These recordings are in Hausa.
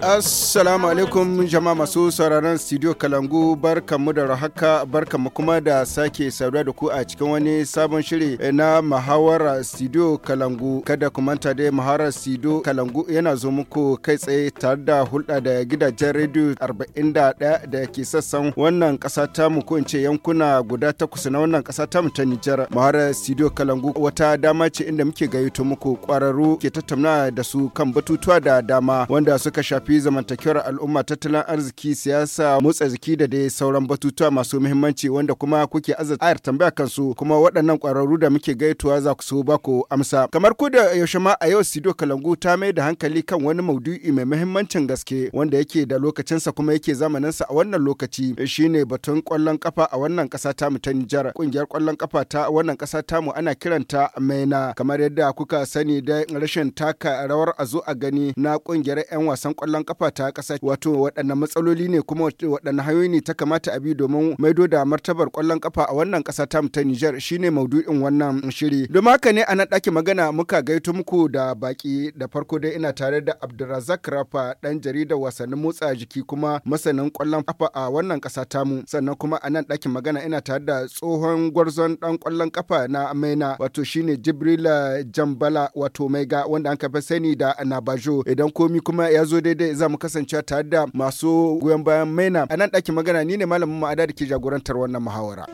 Assalamu alaikum jama'a masu sauraron studio Kalangu barkanmu da rahaka barkanmu kuma da sake saura da ku a cikin wani sabon shiri na muhawara studio Kalangu kada ku manta dai studio Kalangu yana zo muku kai tsaye tare da hulɗa da gidajen rediyo 41 da ke sassan wannan ƙasa ta mu ko in ce yankuna guda takwas na wannan ƙasa ta mu ta Nijar muhawarar studio Kalangu wata dama ce inda muke gayyato muku ƙwararru ke tattauna da su kan batutuwa da dama wanda suka shafi zamantakewar al'umma tattalin arziki siyasa motsa jiki da dai sauran batutuwa masu muhimmanci wanda kuma kuke azar tambaya kansu kuma waɗannan ƙwararru da muke gaituwa za ku so ba ku amsa kamar ku da yaushe ma a yau studio kalangu ta mai da hankali kan wani maudu'i mai muhimmancin gaske wanda yake da lokacinsa kuma yake zamaninsa a wannan lokaci shine batun ƙwallon kafa a wannan ƙasa mu ta Nijar ƙungiyar ƙwallon kafa ta wannan ƙasa tamu ana kiranta maina kamar yadda kuka sani da rashin taka rawar a zo a gani na ƙungiyar kungiyar 'yan wasan kwallon kafa ta kasa wato waɗannan matsaloli ne kuma waɗannan hanyoyi ne ta kamata a bi domin maido da martabar kwallon kafa a wannan ƙasa ta ta Nijar shine maudu'in wannan shiri. Domin haka ne a nan ɗakin magana muka gaito muku da baki da farko dai ina tare da Abdulrazak Rafa ɗan jaridar wasannin motsa jiki kuma masanin kwallon kafa a wannan kasa mu sannan kuma a nan ɗakin magana ina tare da tsohon gwarzon ɗan kwallon kafa na Maina wato shine Jibrila Jambala wato Maiga wanda an kafa sani da anabajo idan komi ni kuma ya zo daidai za mu kasance tare da masu goyon bayan maina a nan ɗakin magana ni ne malamin ma'ada da ke jagorantar wannan muhawara.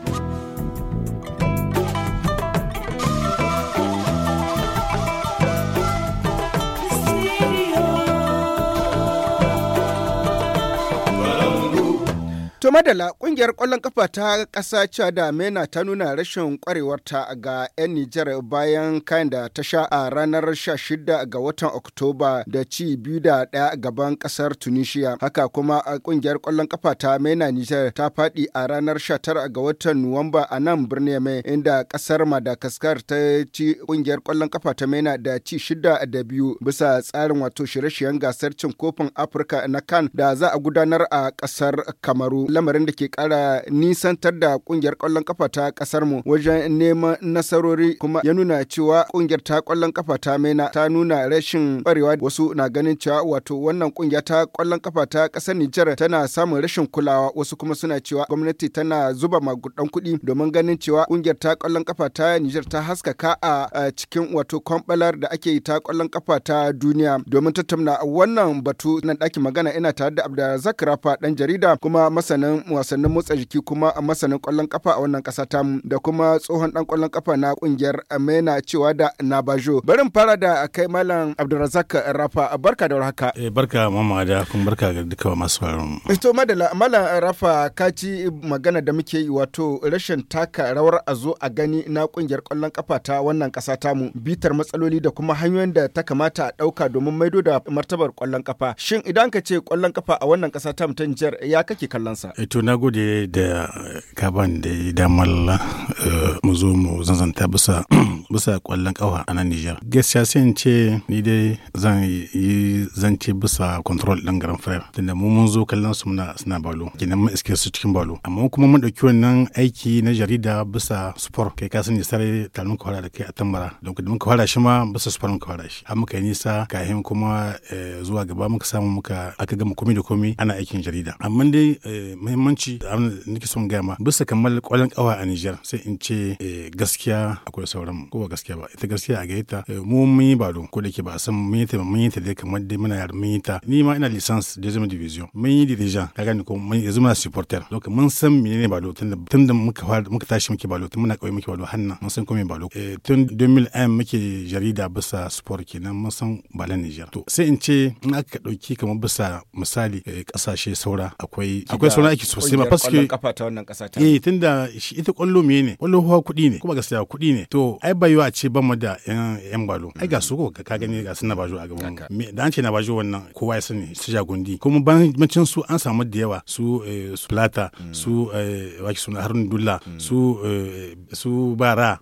To madala kungiyar kwallon kafa ta ƙasa Chada Mena ta nuna rashin kwarewarta ga 'yan Nijar bayan kayan da ta sha a ranar 16 ga watan Oktoba da ci biyu da daya gaban ƙasar Tunisia. Haka kuma a kungiyar kwallon kafa ta Mena Nijar ta faɗi a ranar 19 ga watan Nuwamba a nan birnin mai inda kasar Madagascar ta ci kungiyar kwallon kafa ta Mena da ci shida da biyu bisa tsarin wato shirye-shiryen gasar cin kofin Afirka na kan da za a gudanar a ƙasar Kamaru. lamarin da ke kara nisantar da kungiyar kwallon kafa ta kasar mu wajen neman nasarori kuma ya nuna cewa kungiyar ta kwallon kafa ta maina ta nuna rashin barewa wasu na ganin cewa wato wannan kungiya ta kwallon kafa ta kasar Nijar tana samun rashin kulawa wasu kuma suna cewa gwamnati tana zuba magudan kuɗi domin ganin cewa kungiyar ta kwallon kafa ta Nijar ta haskaka a cikin wato kwambalar da ake yi ta kwallon kafa ta duniya domin tattauna wannan batu nan ɗakin magana ina tare da Abdulrazak Rafa dan jarida kuma masanin wasannin wasannin motsa jiki kuma a masanin kwallon kafa a wannan kasa tamu da kuma tsohon dan kwallon kafa na kungiyar amena cewa da nabajo barin fara da kai malam abdulrazak rafa barka da warhaka eh barka mama da kun barka ga duka masu farin to madala malam rafa ka ci magana da muke yi wato rashin taka rawar a zo a gani na kungiyar kwallon kafa ta wannan kasa tamu bitar matsaloli da kuma hanyoyin da ta kamata a dauka domin maido da martabar kwallon kafa shin idan ka ce kwallon kafa a wannan kasa tamu ta Nijar ya kake kallon sa nasa. Ito eh, na gode da kaban da damar eh, mu zo mu zanzanta bisa bisa kwallon kawa a nan Nijar. Gaskiya sai in ce ni dai zan yi zance bisa control ɗin garin fayar Tunda mu mun zo kallon su muna suna balo. Kenan mun iske su cikin balo. Amma kuma mun ɗauki wannan aiki na jarida bisa sport. Kai ka sani sare talin ka fara da kai a tambara. Don da muka fara shi ma bisa sport muka fara shi. Amma kai nisa kahin kuma eh, zuwa gaba muka samu muka aka gama komi da komi ana aikin jarida. Amma dai muhimmanci da abin da nake son gaya ma bisa kamar kwallon kawa a Nijar sai in ce eh, gaskiya akwai sauran ko gaskiya ba ita gaskiya a gaita eh, mu mun yi don ko da ke ba san mun yi ta mun yi ta dai kamar dai muna yar mun yi ta ni ma ina licence deuxième division mun yi dirigeant ka gani ko mun yanzu muna supporter donc mun san ba balo tun da muka fara muka tashi muke balo tun muna kauye muke balo hanna mun san ko me balo eh, tun 2001 muke jarida bisa sport kenan mun san balan Nijar to sai in ce in aka dauki kamar bisa misali kasashe saura akwai akwai wani aiki sosai ba paske kafa ta wannan kasa eh tunda ita kwallo me ne kwallo huwa kudi ne kuma gaskiya kudi ne to ai ba a ce ba mu da yan gwalo ai ga su ko ka gani ga suna bajo a gaban mu da an ce na bajo wannan kowa ya sani su jagundi kuma ban bancin su an samu da yawa su eh, su plata mm. su eh, waki suna harun dulla mm. su eh, su bara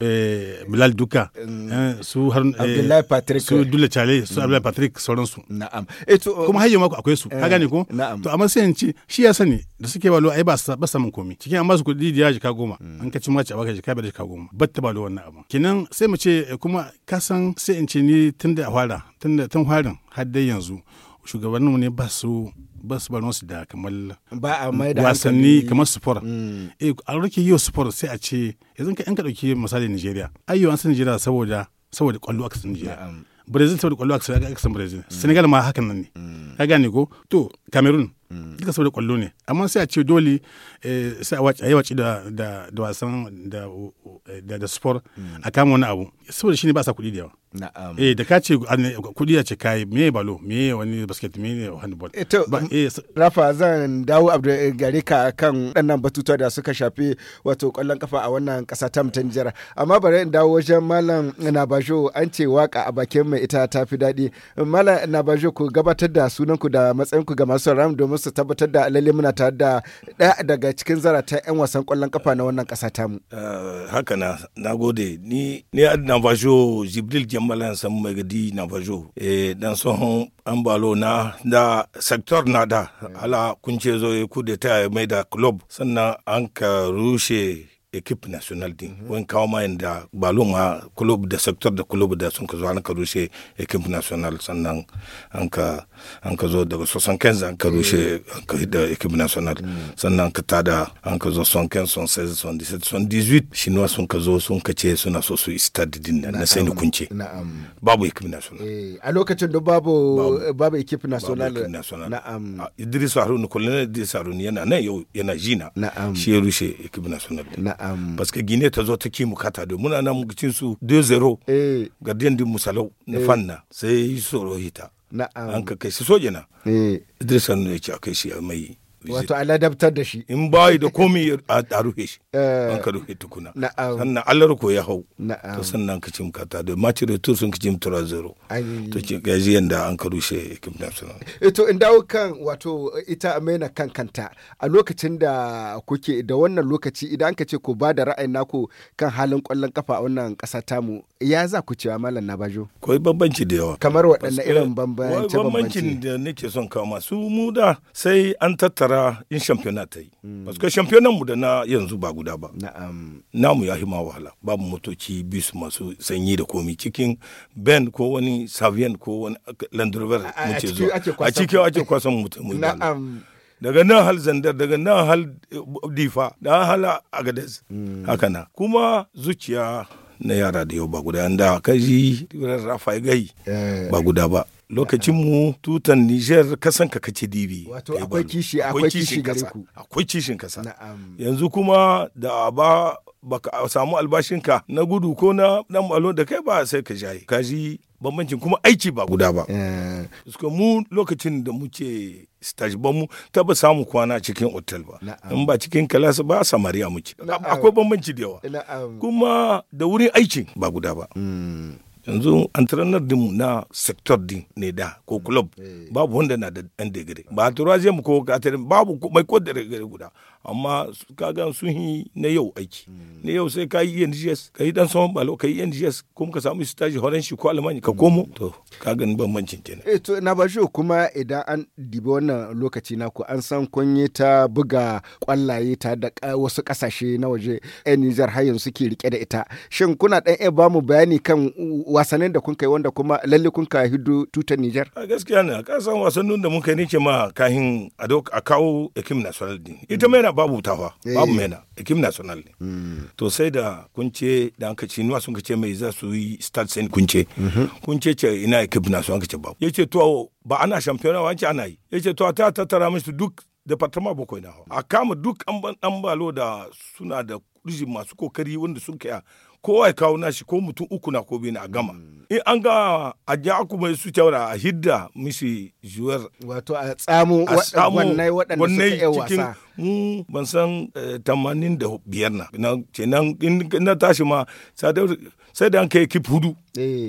bilal duka mm. su harun abdullahi patrick su dulla chale su abdullahi patrick sauransu na'am eh to kuma hayyo mako akwai su ka gane ko na'am to amma sai in ce shi ya sani da suke balo ai ba su ba samun komi cikin an ba su kuɗi da jika goma mm. an ka ci mace a baka jika biyar jika goma ta balo wannan abu kenan sai mu ce eh, kuma ka san sai in ce ni tun da fara tun da tun farin har dai yanzu mu ne ba su ba su baron su da kamar wasanni kamar sport mm. eh a rike yau sport sai a ce yanzu ka yan ka dauki misali Nigeria ayyo an san Nigeria saboda saboda kwallo aka san Nigeria Brazil saboda kwallo aka san Brazil mm. Senegal ma hakan nan ne ka gane ko to Cameroon duka saboda kwallo ne amma sai a ce dole eh, sai a yi waci da wasan da eh, sport mm. a kama wani abu saboda shi ne ba sa kuɗi da yawa Na'am. Eh da ka ce kuɗi a ce kai me balo me wani basket me ne handball. Eh, to eh, Rafa zan dawo Abdu eh, gare ka kan ɗannan batutuwa da suka shafi wato kwallon kafa a wannan kasa ta mutan jira. Amma bare in dawo wajen Malam Nabajo an ce waka a bakin mai ita ta fi daɗi. Malam Nabajo ku gabatar da sunan ku da matsayin ku ga masu ram domin su tabbatar da lalle muna ta da ɗaya daga cikin zarata 'yan wasan kwallon kafa na wannan kasa ta mu. Haka na nagode ni ni Nabajo Jibril ambalan san gadi na bajo e dan son ambalo na da sektor na da ala kunce zo e ku da ta e mai da club sannan an ka rushe ekip national din mm wani kawo da balo ma club da sektor da club da sun ka zo an ka rushe ekip national sannan an ka Eh. Mm. an ka zo daga 75 an ka rushe an ka hida equipe national sannan ka tada an ka zo 75 76 77 shi nuwa sun ka zo sun ka ce suna so su stade din nan na sai ni kunce babu equipe national eh, a lokacin da babu babu equipe national na'am ah, Idris Harun kullum Idris Harun yana nan yau yana jina shi ya rushe equipe national na'am parce que Guinea ta zo ta ki mu kata do muna nan mu su 2-0 eh. gardien din musalau na fanna sai soro hita an ka kai su soja na eh. idris ne ya ce a kai shi mai wato a ladabtar da shi in bayi da komai a rufe shi eh. an ka rufe tukuna sannan allar ko ya hau to sannan ka cim kata da cire to sun ka cim tura zero to gaji yanda an ka rushe kim suna eh, to in dawo kan wato ita amena kan kanta a lokacin da kuke da wannan lokaci idan ka ce ku ba da ra'ayin naku kan halin kwallon kafa a wannan kasa tamu ya za ku cewa malam bajo ko bambanci da yawa kamar waɗanne irin bambanci bambancin da nake son kawo masu mu da sai an tattara gyara in shampiyona ta yi parce que shampiyonan mu da na yanzu ba guda ba namu ya hima wahala babu motoci bisu masu sanyi da komi cikin ben ko wani savian ko wani land rover mu ce zo a cikin ake kwasan mutum daga nan hal zandar daga nan hal eh, difa da hal agadez hmm. haka na kuma zuciya na yara da yau ba guda da kaji rafa gai eh. ba guda ba lokacin mu tutan Niger kasan ka kace dibi wato akwai kishi akwai kishi kasa akwai kishin kasa yanzu kuma da ba baka samu albashin ka. na gudu ko na dan malo da kai ba sai ka jaye kaji bambancin kuma aiki ba guda ba eh. suka mu lokacin da muke stage ba mu taba samu kwana cikin otal ba in ba cikin kalasa ba samariya muke akwai bambanci da yawa kuma da wurin aikin ba guda ba hmm. yanzu entrepreneur dinmu na sector din ne da ko mm. club eh. babu wanda na da ɗan digiri ba turaje mu ko katarin babu mai ko da guda amma kaga sun yi na yau aiki mm. na yau sai ka yi NGS ka yi dan saman balo ka yi NGS kuma ka samu stage horon shi ko alamani ka mm. komo to kaga bambancin ke eh to na bashi kuma idan an dibi wannan lokaci na ku an san kun yi ta buga kwallaye ta da wasu kasashe na waje yan Niger har yanzu suke rike da ita shin kuna dan iya bamu bayani kan wasannin da kun kai wanda kuma lalle kun ka hiddu tutar Nijar? A gaskiya ne, ka san wasannin da mun kai nake ma kahin a kawo ekim national din. Ita mena babu tawa, eh. babu mena, ekim national ne. Mm. To sai da kun ce da an kaci nuwa sun kace mai za su yi start sain kun ce. Mhm. Kun ce ce ina ekim national kace babu. Yace to ba ana shampiyona ce ana yi. Yace to ta tattara musu duk departement bakwai A kama duk an balo da suna da rijin masu kokari wanda sun kaya ko ya kawo nashi ko mutum uku na ko biyu na a gama mm. in an ga a ja kuma su taura a hidda mishi juwar wato a tsamo wannan waɗanda suka yi wasa mu ban san eh, tamanin da biyar na kenan in na tashi ma sai da an kai kip hudu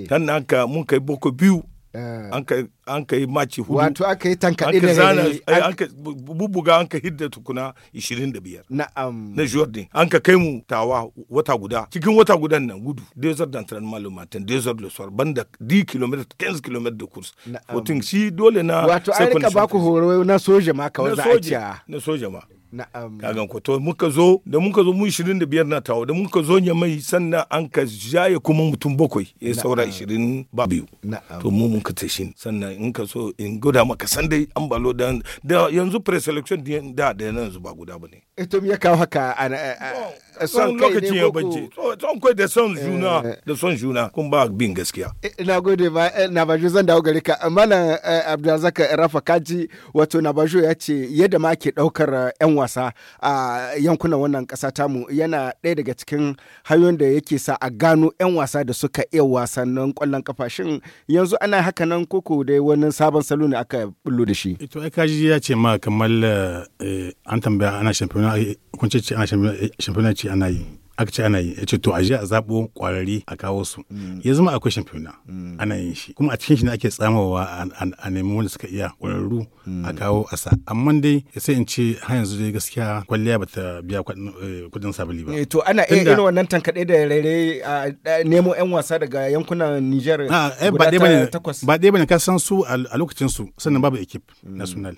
kan eh. na ka mun kai boko biyu eh. an kai an ka yi maci hudu wato aka yi tanka ɗin da zana eh, an ka bubuga an ka hidda tukuna 25 na'am na jordan an ka kai mu tawa wata guda cikin wata gudan nan gudu desert d'entraînement le matin desert le soir banda 10 km 15 km de course hotun shi dole na wato an rika ba ku horo na soja ma ka waza a ciya. na soja ma Na'am. Kagan ko to muka zo da muka zo mu 25 na tawo da muka zo ya mai sannan an ka jaye kuma mutum bakwai ya saura 20 ba biyu. Na'am. To mu mun ka tashin sannan in ka so in guda maka san dai an balo da yanzu preselection da da yanzu ba guda ba ne. Ito eh, ya kawo haka a son kai ne ya bance son kai da son eh. juna da son juna kun ba bin gaskiya. Eh, na gode ba na bajo zan dawo gare ka mana Abdulrazak Rafa Kaji wato na bajo ya ce yadda ma ke daukar yan wasa a yankunan wannan kasa tamu yana ɗaya daga cikin hanyoyin da yake sa a gano yan wasa da suka iya wasannin kwallon kafa shin yanzu ana haka nan koko da wani sabon salo ne aka bullo da shi ito ai kaji ya ce ma kamar eh, an tambaya ana shampiyona eh, kun ce ana eh, shampiyona ce ana yi aka ce ana yi yace to a je a zabo kwararri a kawo su mm. ya zama akwai shamfiyona mm. ana yin shi kuma a cikin shi ne ake tsamawa a nemi wanda suka iya kwararru a mm. kawo a sa amma dai sai in ce har yanzu dai gaskiya kwalliya bata biya kudin eh, sabili ba. Eh, to ana irin wannan tankaɗe da rere a nemo 'yan wasa daga yankunan Nijar. Ah, eh, ba bane ba ne ka san su a lokacin su sannan babu equipe national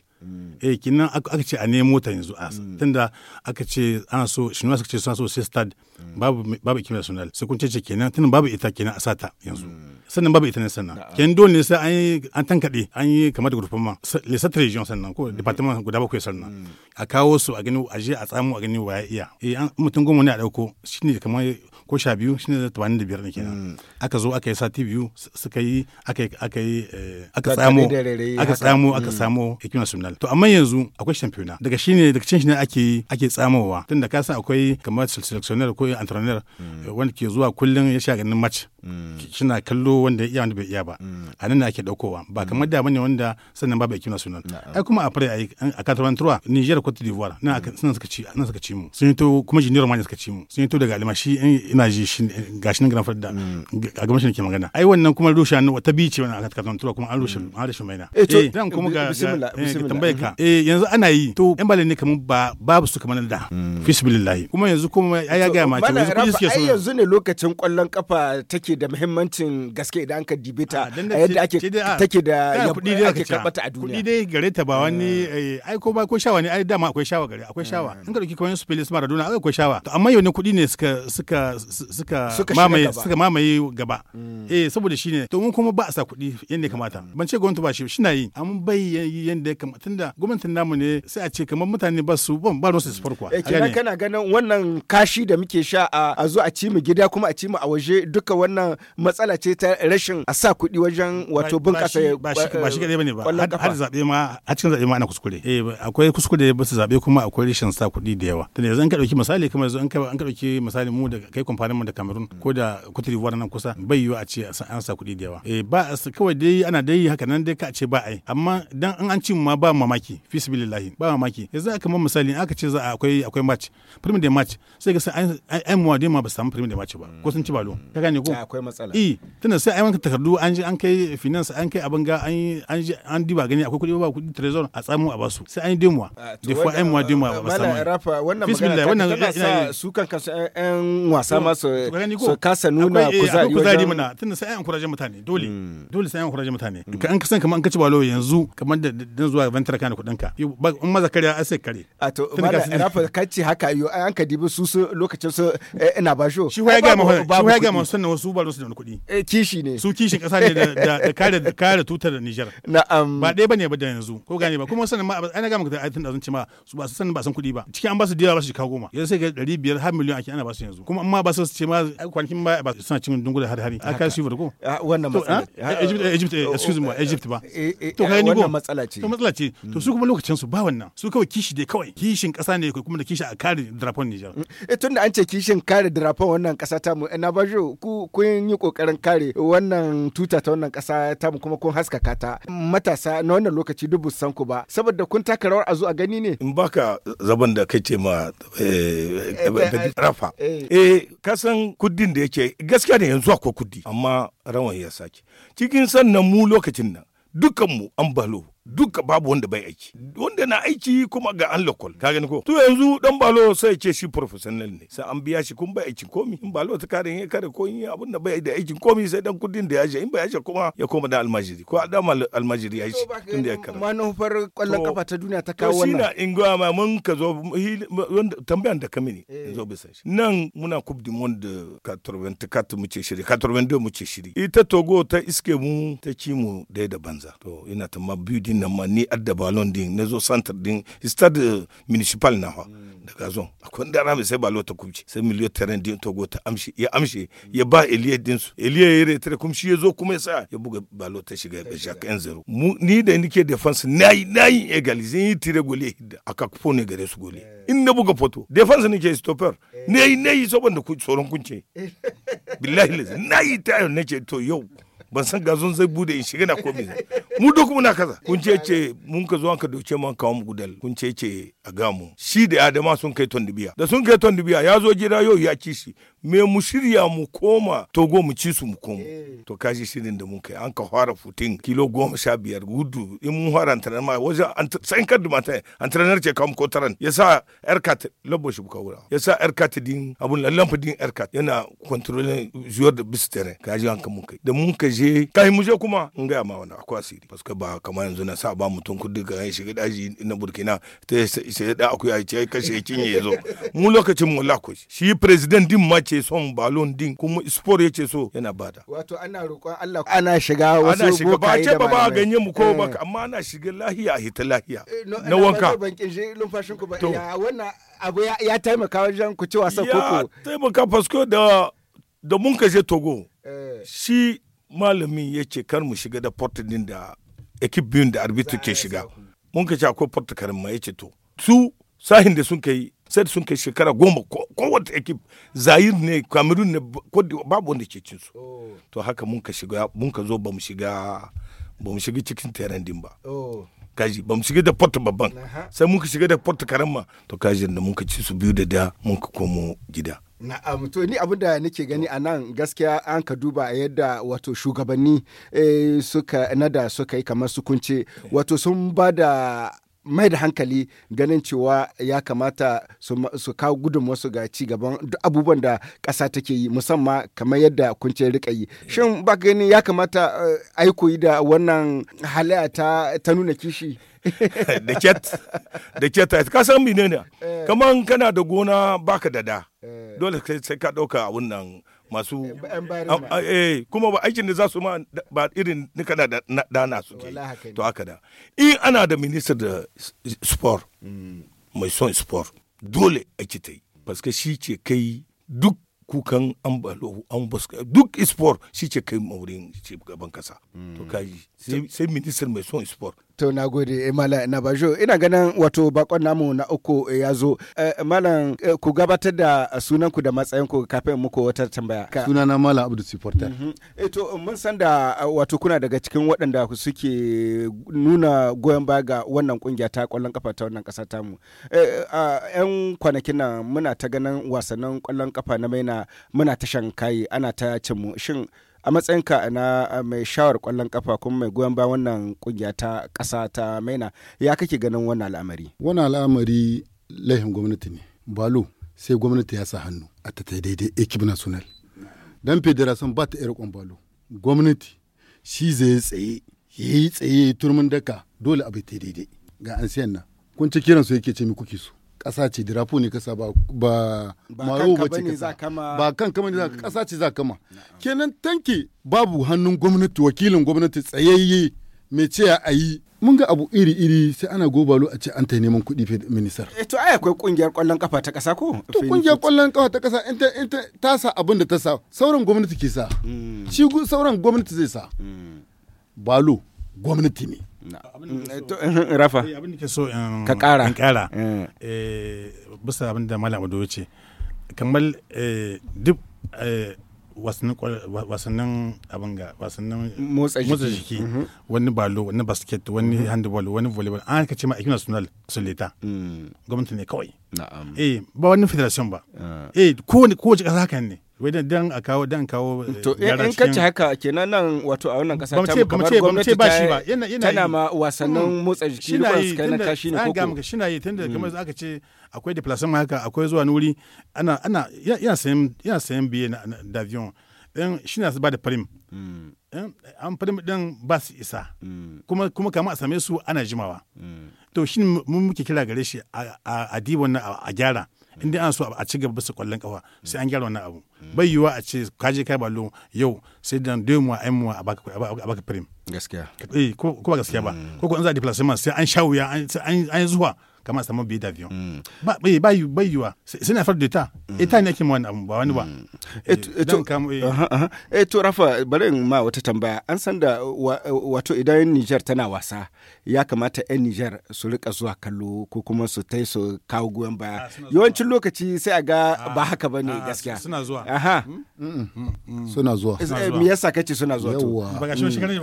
eh kinan aka ce a nemo ta yanzu a mm. tunda aka ce ana so shinuwa suka ce suna so sai stad mm. babu babu kimiyya sunal sai kun ce kenan tunda babu ita kenan a sata yanzu mm. sannan babu ita ne sannan kenan dole ne sai an yi an tankade an yi kamar da gurfin ma lesat region sannan ko department guda bakwai sannan a kawo su a gani a je a tsamu a gani waya iya eh mutum goma ne a dauko shine kamar ko sha biyu shi ne tamanin da biyar ne kenan mm. aka zo aka yi sati biyu suka yi aka yi aka yi eh, aka tsamo aka tsamo aka mm. samo ekina sunal to amma yanzu akwai championa daga shi ne daga cin shi ne ake ake tsamowa tunda ka san akwai kamar selectioner ko entraîneur mm. eh, wanda ke zuwa kullum ya sha ganin match shina kallo wanda ya iya wanda bai iya ba a nan ake daukowa ba kamar da bane wanda sannan babu ekina sunal ai kuma a fare a katarwan turwa Niger Cote d'Ivoire nan suka ci nan suka ci mu sun yi to kuma junior ma suka ci mu sun yi to daga almashi ina ji shi gashi nan gafar da a gaban shi ke magana ai wannan kuma rushe an wata bici wannan aka tura kuma an rushe mm. an rushe mai na eh to dan eh, kuma ga eh, tambaye ka mm-hmm. eh yanzu ana yi to yan bale ne kamar ba babu su kamar da mm. fisbillah kuma yanzu kuma ya ga ma ce yanzu kuma suke so yanzu ne lokacin kwallon kafa take da muhimmancin gaske idan ka dibe ta ah, yadda ake ah, take da kudi dai ake karbata a duniya kudi dai gare ta ba mm. wani eh, ai ko ba ko shawa ne ai dama akwai shawa gare akwai shawa in ka dauki kamar su Felix Maradona akwai shawa to amma yau ne kudi ne suka suka suka mamaye suka mamaye gaba mm. eh saboda shine to mun kuma ba a sa kuɗi yadda ya kamata ban ce gwamnati ba shi shina yi amma bai yi yadda ya kamata tunda gwamnatin namu ne sai a ce kamar mutane ba su ban ba su farko eh kenan kana ganin wannan kashi da muke sha a zo a ci mu gida kuma a ci mu a waje duka wannan matsala ce ta rashin a sa kuɗi wajen wato bunƙasa ba shi kadai bane ba har zabe ma a cikin zabe ma ana kuskure eh akwai kuskure ba su zabe kuma akwai rashin sa kuɗi da yawa tunda yanzu an ka dauki misali kamar yanzu an ka dauki misali mu da kai amfanin mu da Cameroon ko da Cote d'Ivoire nan kusa bai yiwu a ce an sa kuɗi da yawa. Eh ba kawai dai ana dai haka nan dai ka ce ba ai amma dan an an ci ma ba mamaki fisbilillahi ba mamaki yanzu aka kamar misali aka ce za akwai akwai match premier de match sai ga sai ai muwa dai ma ba samu premier de match ba ko sun ci balo ka gane ko akwai matsala eh tunda sai ai wanka takardu an ji an kai finance an kai abin ga an an ji an diba gani akwai kuɗi ba kuɗi trezor a tsamu a basu sai an yi demuwa da fa ai muwa demuwa ba samu wannan magana wannan su kan kasu ɗan wasa kuma su kasa nuna eh, kuzari kuzari muna tunda sai an kuraje mutane dole mm. dole sai an kuraje mutane mm. ka an kasan kamar an kaci balo yanzu kamar da dan zuwa ventura kana kudin ka in maza kare a sai kare a to rafa kace haka yo an ka dibi su su lokacin su eh, ina ba sho shi waya ga mu shi waya ga mu sannan wasu balo su da kudi eh kishi ne su kishin kasa ne da kare da kare tutar Niger na'am ba dai bane ba da yanzu ko gane ba kuma sannan ma ana ga muku tun da sun ce ma su ba su sannan ba san kudi ba cikin an ba su dira ba su kawo goma yanzu sai ga 500 har miliyan ake ana ba su yanzu kuma amma ba so su ce ma kwanakin ba ba suna cin dungu da har hari a kai su ko ah, wannan ah, matsala eh, ah, Egypt eh, eh, oh, excuse me oh, Egypt ba to kai ni wannan matsala ce to matsala ce mm. to su kuma lokacin su ba wannan su kawai kishi dai kawai kishin kasa ne kuma da kishi a kare drapon Niger mm. eh tunda an ce kishin kare drapon wannan kasa ta mu na bajo ku kun yi kokarin kare wannan tuta ta wannan kasa ta mu kuma kun haskaka ta matasa na wannan lokaci dubu san ku ba saboda kun taka rawar a zo a gani ne in baka zaban da kai ce ma rafa eh kasan kuddin da yake gaskiya da yanzu akwai kuddi amma rawan ya sake cikin sannan mu lokacin nan mu an balo duka babu wanda bai aiki wanda na aiki kuma ga an lokal ka gani ko to yanzu dan balo sai ce shi professional ne sai an biya shi kun bai aiki komi in balo ta kare ne kare ko in abin da bai da aiki komi sai dan kudin da ya je in bai aje kuma ya koma da almajiri ko adam almajiri ya shi tun da ya kare manufar kwallon kafa ta duniya ta kawo wannan to na in ga ma mun ka zo tambayan da ka mini eh. in zo bisa shi nan muna coupe du monde 84 muce shiri 82 muce shiri ita togo ta iske mu ta ci mu dai da banza to ina ta ma biyu din nan ma ni balon din na zo santar din stade municipal na fa da gazon akwai da rami sai balo ta kumci sai miliyo taren din togo ta amshi ya amshi ya ba eliye din su eliye ya retare kuma kumshi ya zo kuma ya sa ya buga balo ta shiga ga shaka yan zero mu ni da nike defense nayi nayi egalize yi tire gole a aka kufo ne gare su gole eh. in na buga foto defense nike stopper eh. nayi nayi saboda tsoron kunce billahi nayi ta yau nake to yau ban san gazon zai bude in shiga na komi mu duk muna kaza kun ce ce mun ka zo an ka doke mu an kawo mu gudal kun ce ce a gamu shi da adama sun kai ton dubiya da sun kai ton dubiya ya zo gida yau ya ci shi me mu shirya mu koma togo mu ci su mu koma eh. to kashi shirin da mun kai an ka fara futin kilo goma sha biyar gudu in mun fara antrenar ma waje sain kar da mata antrenar ce kam ko taran ya sa erkat labo shi buka wura ya sa erkat din abun lallan din erkat yana controlling zuwar da bis tere kaji an ka mun kai da mun ka je kai mu je kuma in ga ma wani akwai asiri parce ba kamar yanzu na sa ba mutum kudi ga shiga daji na burkina ta sai da akuya ce kashe cinye ya zo mu lokacin mu lakush shi president din ma ce son balon din kuma sport ce so yana bada wato ana roƙon Allah ana shiga wasu ana shiga ba ce ba ba ganye mu ko ba eh. amma ana shiga lahiya a hita lahiya eh, na wanka ban kin shi lumfashin ku ba ya wannan abu ya taimaka wajen ku ci wasa koko ya taimaka fasko da da mun kashe togo eh. shi malami ya ce kar mu shiga da port din da ekip biyun da arbitru ke shiga mun ka akwai port karin ma ya ce to su sahin da sun kai sai da sun kai shekara goma kowace ekip zayir ne kamerun ne babu wanda ke cin su oh. to haka mun ka shiga mun ka zo ba mu shiga ba mu shiga cikin teren din ba oh. kaji ba mu shiga da port babban sai mun ka shiga da port karamma to kaji da mun ka ci su biyu da da mun ka komo gida Na'am um, to ni abin da nake gani a nan gaskiya an ka duba a yadda wato shugabanni e, suka nada suka yi kamar su kunce eh. wato sun ba da mai da hankali ganin cewa ya kamata su kawo wasu ga ci gaban abubuwan da ƙasa take yi musamman kamar yadda kunce rika yi shin ba gani ya kamata eh, a yi koyi da wannan halayya ta nuna kishi da ket da ket ka san menene eh. kaman kana da gona baka da da eh. dole sai ka ɗauka a wannan masu eh, eh kuma ba aikin da za su ma ba irin nika da dana suke to haka da in ana da minister da sport mm. mai son sport dole ci ta yi paske shi ce kai duk kukan an duk sport shi ce kai maurin gaban kasa to mm. kai sai minister mai son sport To na gode eh, Malam Nabajo ina ganin wato bakon namu na uku eh, ya zo. Eh, Malam ku gabatar da sunanku da matsayinku kafin muku wata tambaya. Sunana Malam Abdu Siporter. Mm-hmm. to mun san da wato kuna daga cikin waɗanda suke nuna goyon baya ga wannan kungiya ta kwallon kafa ta wannan kasa tamu. Yan kwanakin nan muna ta ganin wasannin kwallon kafa na maina muna ta shan kayi ana ta cin mu. Shin a matsayinka na eh, mai shawar kwallon kafa kuma mai goyon ba wannan kungiya ta ƙasa ta maina ya kake ganin wannan al'amari wannan al'amari laihin gwamnati ne balo sai gwamnati ya sa hannu a ta daidai ekip national dan federation ba ta iya rikon balo gwamnati shi zai tsaye ya yi tsaye turmin daka dole abu ta daidai ga an siyan nan kun ci kiran su yake ce mi kuke so kasa ce dirapo ne kasa ba ba maro ba ce kasa ba kan kama ne za kasa mm. ce za kama kenan tanki babu hannun gwamnati wakilin gwamnati tsayayye mai ce a yi mun ga abu iri-iri sai ana gobalo a ce an ta neman kuɗi minisar. E eh, to ai akwai kungiyar ƙwallon kafa ta ƙasa ko? To kungiyar ƙwallon kafa ta ƙasa ta ta sa abin da ta sa sauran gwamnati ke sa. Mm. Shi sauran gwamnati zai sa. Mm. Balo gwamnati ne. rafa abin da ke eh, so eh, ka kara kara eh. bisa abin da malam ado ce kamar duk wasannin abin ga wasannin motsa jiki mm-hmm. wani balo wani basket wani mm-hmm. handball wani volleyball an ka ce ma aikin sunal solita mm. gwamnati ne kawai eh ba wani federation ba eh kowace kasa haka ne wajen dan a kawo dan kawo eh, to eh, in kace haka kenan nan wato a wannan kasa ta kamar gwamnati ba shi ba yana yana tana ma wasannin hmm. motsa jiki da su kai na kashi ne koko shi na yi tunda hmm. kamar aka ce akwai deplacement haka akwai zuwa nuri ana ana yana sayan yana sayan biye na d'avion dan shi na ba da prim hmm. an prim din ba su isa kuma kuma kamar a same su ana jimawa to shi mun muke kira gare shi a diba wannan a gyara in dai ana so a ci gaba bisa kwallon kafa sai an gyara wannan abu bai yiwuwa a ce ka je kai ballo yau sai dan dai mu ai mu a baka a baka gaskiya eh ko ba gaskiya ba mm. ko ko an za deployment sai an sha wuya an an zuwa kamar samun biye da biyan mm. ba ba yiwa sai na farko ta ita ne ake wani abu ba wani ba mm. eto eh, eh. eh, to rafa bari in ma wata tambaya an san da wato idan Niger tana wasa ya kamata 'yan Nijar su rika zuwa kallo ko kuma su tai su kawo goyon baya. Ah, Yawancin lokaci sai a ga ah, ba haka ba ne ah, gaskiya. Suna zuwa. Aha. Hmm? Hmm, hmm, suna eh, zuwa. Me yasa kace suna zuwa to?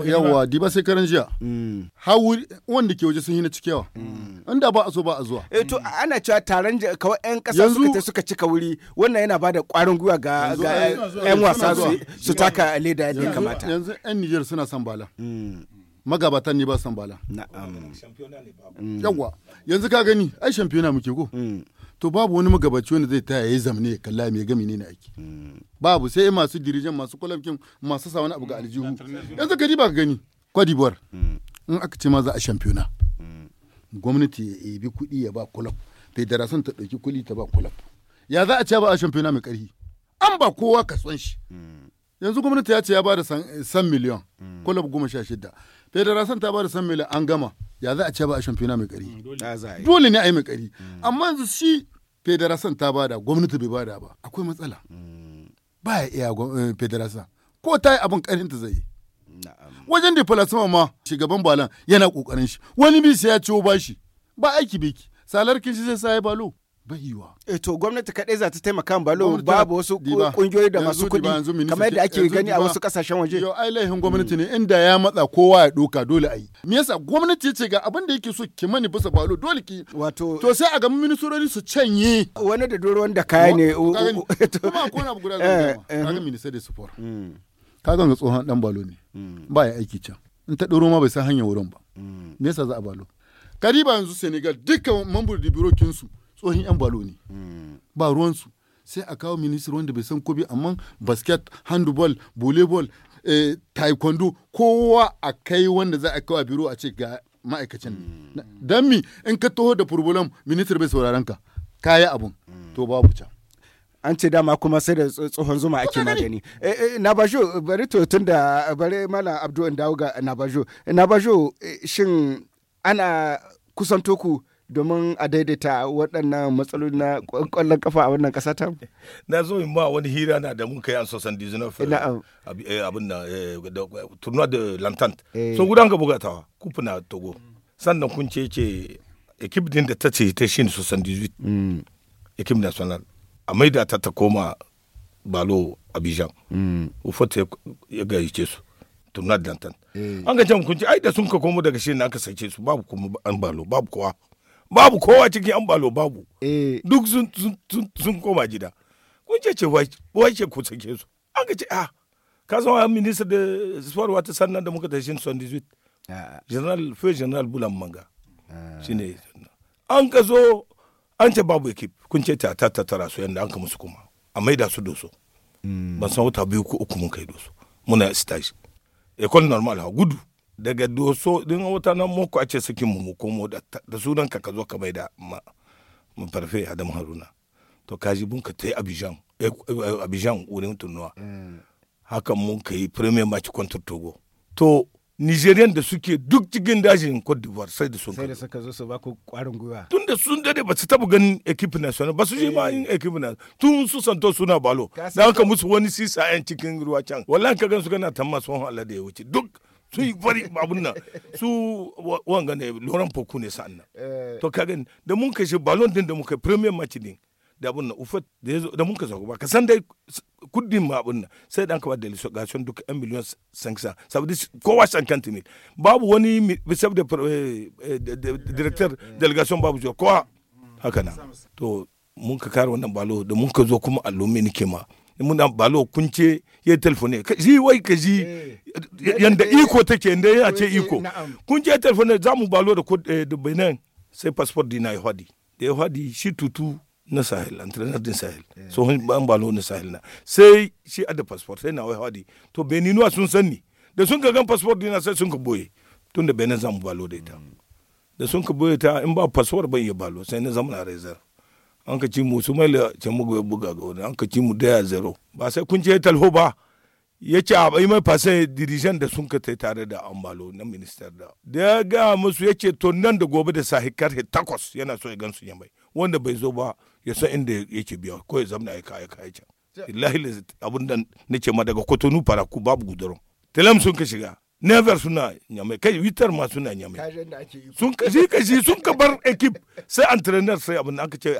Yawwa, di ba sai karan jiya. Mm. Hawu wanda ke waje sun yi na cikewa. Mm. Inda ba a so ba a zuwa. Eh to ana cewa taron kawai 'yan kasa suka ta suka cika wuri wannan yana bada kwarin gwiwa ga 'yan wasa su taka leda yadda ya kamata. Yanzu 'yan Nijar suna son bala. Mm. magabatan ne ba san bala yawwa yanzu ka gani ai shampiyona muke ko mm. to babu wani magabaci wanda zai taya yayi zamne ya kalla me gami ne na aiki babu sai masu dirijan masu kulabkin masu sa wani abu ga aljihu yanzu ka ba ka gani kwadibuwar mm. in aka ce ma za a shampiyona mm. gwamnati ya ebi kuɗi ya ba kulab darasan ta ɗauki kuɗi ta ba kulab ya za a ce ba a shampiyona mai ƙarfi an ba kowa ka son shi yanzu gwamnati ya ce ya ba da san eh, miliyan kulab goma sha shida federation ta bada san mele an gama ya za a ce ba a shamfina mai kari mm, dole ne a yi mai kari mm. amma yanzu shi federation ta bada gwamnati bai bada ba akwai matsala mm. ba ya iya eh, federation ko ta yi abin karin ta zai wajen diplasma ma shugaban balan yana kokarin shi wani bisa ya ciwo bashi ba aiki biki salar kin shi sai sai balo bayiwa. E eh, to gwamnati kaɗai za ta taimaka balo babu wasu ƙungiyoyi da masu kuɗi kamar yadda ake gani a wasu ƙasashen waje. Yo ai laihin gwamnati mm. ne inda ya matsa kowa ya ɗoka dole a yi. Me yasa gwamnati ce ga abin da yake so ki mani bisa balo dole ki. Wato. To sai a ga ministoci su canye. Wani da doron da kaya ne. Kuma ko na guda zai eh, Kaga eh. minister da support. Mm. Ka ga tsohon dan balo ne. Mm. Ba ya aiki can. In ta ɗoro ma bai san hanyar wurin ba. Me yasa za a balo? Kariba yanzu Senegal dukkan mambar da birokinsu. su. tsohon yan balo ne hmm. ba ruwansu sai a kawo ministry wanda bai san kobi amma basket handball volleyball eh, taekwondo kowa a kai wanda za a kawo a biro a ce ga ma'aikacin hmm. don mi in ka taho da furbulan ministry bai sauraron ka kayi abun hmm. to babu can an ce dama kuma sai da tsohon zuma ake magani eh, eh, na bajo bari to tun da bari mala abdu'in dawo ga na bajo na bajo shin ana kusantoku. domin a daidaita waɗannan matsaloli na ƙwallon kafa a wannan ƙasa ta? Na zo in ma wani hira na da mun kai an sosan dizinaf eh, abin eh, da turnuwa da lantant. Eh. So gudan ka bugatawa kufu na Togo. Sannan kun ce ce ekip din da ta ce ta shi sosan dizit. Mm. Ekip national. A da ta ta koma balo Abidjan. Mm. Ufota ya ce su. turnuwa da lantant. An ga can kun ce ai da sun ka komo daga shi an aka sace su babu kuma an balo babu kowa. babu kowa cikin yan balo babu eh. duk sun koma gida kun ce ce wai ce ku sake su an ka ce ah ka zama minista da sport wata sannan da muka tashi son 18 ah. general fe general bulan manga ah. shine an ka zo an ce babu ekip kun ce ta tattara su yadda an ka musu kuma a maida su doso hmm. ban san wata biyu ko uku mun kai doso muna stage école normal ha gudu daga doso din wata nan muku a ce sakin mu komo da sunan ka ka zo ka maida ma mun farfe Adam Haruna to kaji bun ka tai Abidjan eh, eh, Abidjan wurin tunuwa mm. haka mun kai premier match contre Togo to Nigerian da suke duk cikin dajin Cote d'Ivoire sai da sun sai da suka zo su ba ku kwarin gwiwa tun da sun dade ba su taba ganin equipe national ba su je ma eh. in equipe national tun su santo suna balo dan haka musu wani sisa yan cikin ruwa can wallahi ka gan su kana tamma sun Allah da ya wuce duk su yi bari abun nan su wanga ne loran foku ne sa'an nan eh. to ka gani da mun kashe balon din da mun kai premier match din da abun nan ufat da ya da mun kasa ba ka san dai kuddin ma abun nan sai dan ka ba da lisogation duka 1 million 500 saboda kowa san kanti ne babu wani bisab da director delegation babu kowa haka nan to mun ka kare wannan balo da mun ka zo kuma alumi nike ma mun balo kunce ya telefone ka ji wai ka ji eh. yanda eh. iko take da ya ce eh, iko kun je telefone za mu balo da da benin sai passport dina ya hadi da ya hadi shi tutu na sahel entrepreneur din sahel so ban balo na sahel na sai shi ada passport sai na wai hadi to beninuwa sun sanni da sun ga gan passport dina sai sun ka boye tunda benin za mu balo da ita mm. da sun ka boye ta in ba passport ban ya balo sai na zama na an ka ci mu su mai can mugu buga ga wani an ka ci mu daya zero ba sai kun ya talho ba ya ce a mai fasa dirijan da sun ka tai tare da ambalo na minister da da ya ga musu ya ce to nan da gobe da sahi karhe takwas yana so ya gansu yamai wanda bai zo ba ya san inda yake biya ko ya zamna ya kaya kaya can illahi abin da nake ma daga kotonu ku babu gudurun tilam sun ka shiga never suna ɲame kai witar ma suna ɲame sun kashi kashi sun ka bar ekip sai entrepreneur sai abin aka ce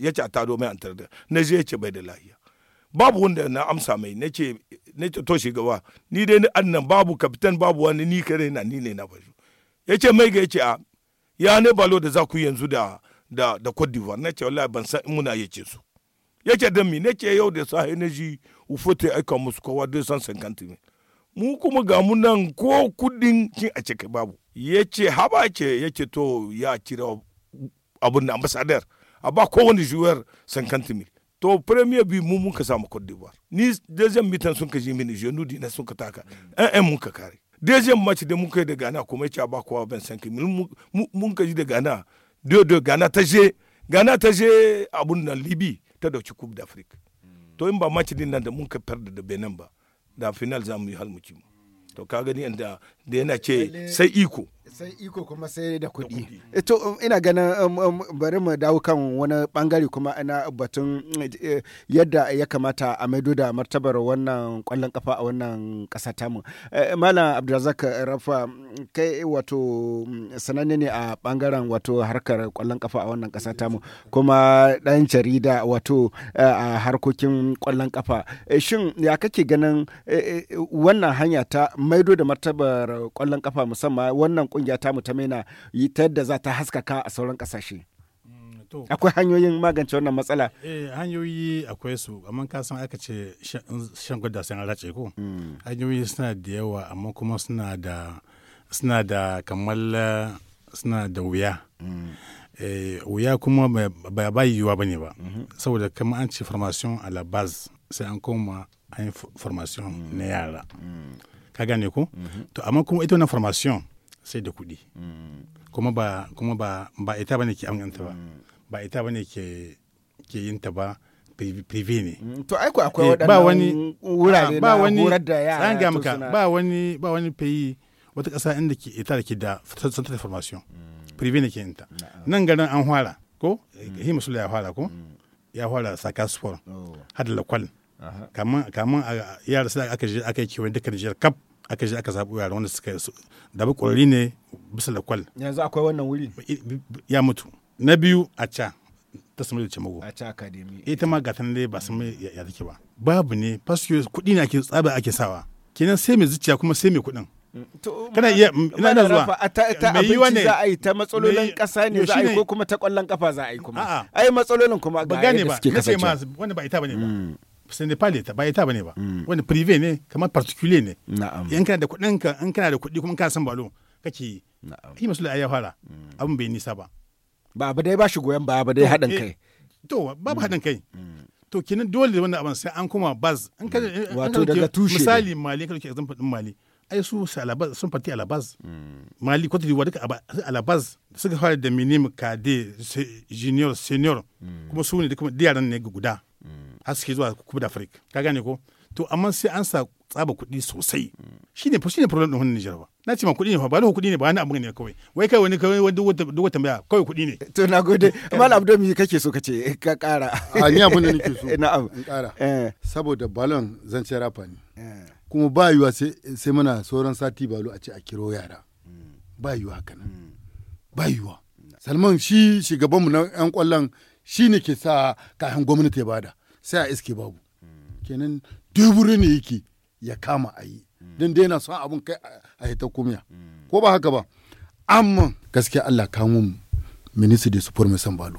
ya ce a tado mai entrepreneur na je ya ce bai da lahiya babu wanda na amsa mai na ce to shugaba ni dai ni annan babu kapitan babu wani ni kare na ni ne na fashu ya ce mai ga ya ce a ya ne balo da za ku yanzu da da da Cote d'Ivoire na ce wallahi ban san in muna yace su ya ce dan mi na ce yau da sahi na ji ufote aika musu kowa 250 mil mu kuma ga mu nan ko kudin kin a kai babu ya ce haba ce ya ce to ya cire abin da ambasadar a ba kowane juwar san mil to premier bi mu mun ka samu cote d'ivoire ni deuxième mitan sun ka ji mini nudi na sun ka taka an an mun ka kare deuxième match da mun kai da gana kuma ya ce a ba kowa san kimi mun ka ji da gana deux deux gana ta je gana ta je abun nan libi ta dauki coupe d'afrique to in ba match din nan da mun ka perda da benin ba da final za mu yi halmuki mu to ka gani yadda da yana ce sai iko sai iko kuma sai da kuɗi eh, to um, ina ganin um, um, bari mu dawo kan wani bangare kuma ina batun eh, eh, yadda ya kamata a maido da martabar wannan kwallon kafa a wannan ƙasa tamu uh, malam abdulrazak rafa kai wato mm, sananne ne a bangaren wato harkar kwallon kafa a wannan ƙasa tamu kuma ɗan jarida wato a harkokin kwallon kafa shin ya kake ganin wannan hanya ta maido da martabar kwallon kafa musamman wannan kungiya tamu ta maina ta yadda za ta haskaka a sauran kasashe mm, akwai hanyoyin magance wannan matsala eh, hanyoyi akwai su amma ka san aka ce shan gwada sai an race ko mm. hanyoyi suna da yawa amma kuma suna da suna da kamar suna da wuya mm. eh, wuya kuma ba ba yiwuwa bane ba mm-hmm. saboda kamar an ce formation a la base sai an koma an yi formation na yara ka gane ko mm-hmm. to amma kuma ita wannan formation sai da kuɗi mm. kuma ba kuma ba ba ita bane ke amganta ba mm. ba ita bane ke ke yin ta ba prive ne mm, to aiko akwai wadannan eh, ba wani wurare ba wani da yara ga maka ba wani ba wani payi wata ƙasa inda ke ita da ke da central formation prive ne ke yin ta nan garin an hwara ko hi sula ya hwara ko ya hwara saka sport oh. har da lakwal kaman kaman yara sai aka aka yi kiwon dukkan jiyar kap aka je aka zaɓi yaran wanda suka da bi ƙwararri ne bisa da kwal yanzu akwai wannan wuri ya mutu na biyu a ca ta samu da cemago a ca academy ita ma gatan dai ba samu ya take ba babu ne paske kuɗi ne ake tsaba ake sawa kenan sai mai zuciya kuma sai mai kuɗin kana iya ina da zuwa ta abinci za a yi ta matsalolin kasa ne za a yi ko kuma ta kwallon kafa za a yi kuma ai matsalolin kuma ga ba gane ba kace ma wanda ba ita ba hmm. ce n'est pas ta ba ita bane ba hmm. wani prive ne kamar particulier ne in kana da kuɗin ka in kana da kuɗi kuma ka san balo kake yi yi masu ya fara hmm. abin bai nisa ba ba ba dai ba shi goyon ba ba dai haɗin eh, kai to babu hmm. haɗin kai to kenan dole wannan abin sai an koma baz in ka wato daga tushe misali mali ka dauki example din mali ai su alabaz sun fati alabaz mali ko tiri duka alabaz suka fara da minim kade junior senior kuma su ne da yaran ne guda har zuwa kuma da Afirka ka gane ko to amma sai an sa tsaba kuɗi sosai shine fa shine problem din wannan Nijar ba na ce ma kuɗi ne fa ba lahu kuɗi ne ba wani abu ne kawai wai kai wani kawai wani duk wata tambaya kawai kuɗi ne to na gode mal abdo mi kake so kace ka ƙara a ni abin da nake so eh, na'am in ƙara eh. saboda balon zan ce rafa ne eh. kuma ba yiwa sai muna sauran sati balo a ce a kiro yara ba yiwa haka nan hmm. ba yiwa hmm. salman shi shugabanmu na yan kwallon shi ne ke sa kayan gwamnati ya bada sai a iske babu kenan duburi ne yake ya kama a yi don dai na son abin kai a hita kumiya ko ba haka ba amma gaskiya Allah kawo mu minista da sufur mai san balo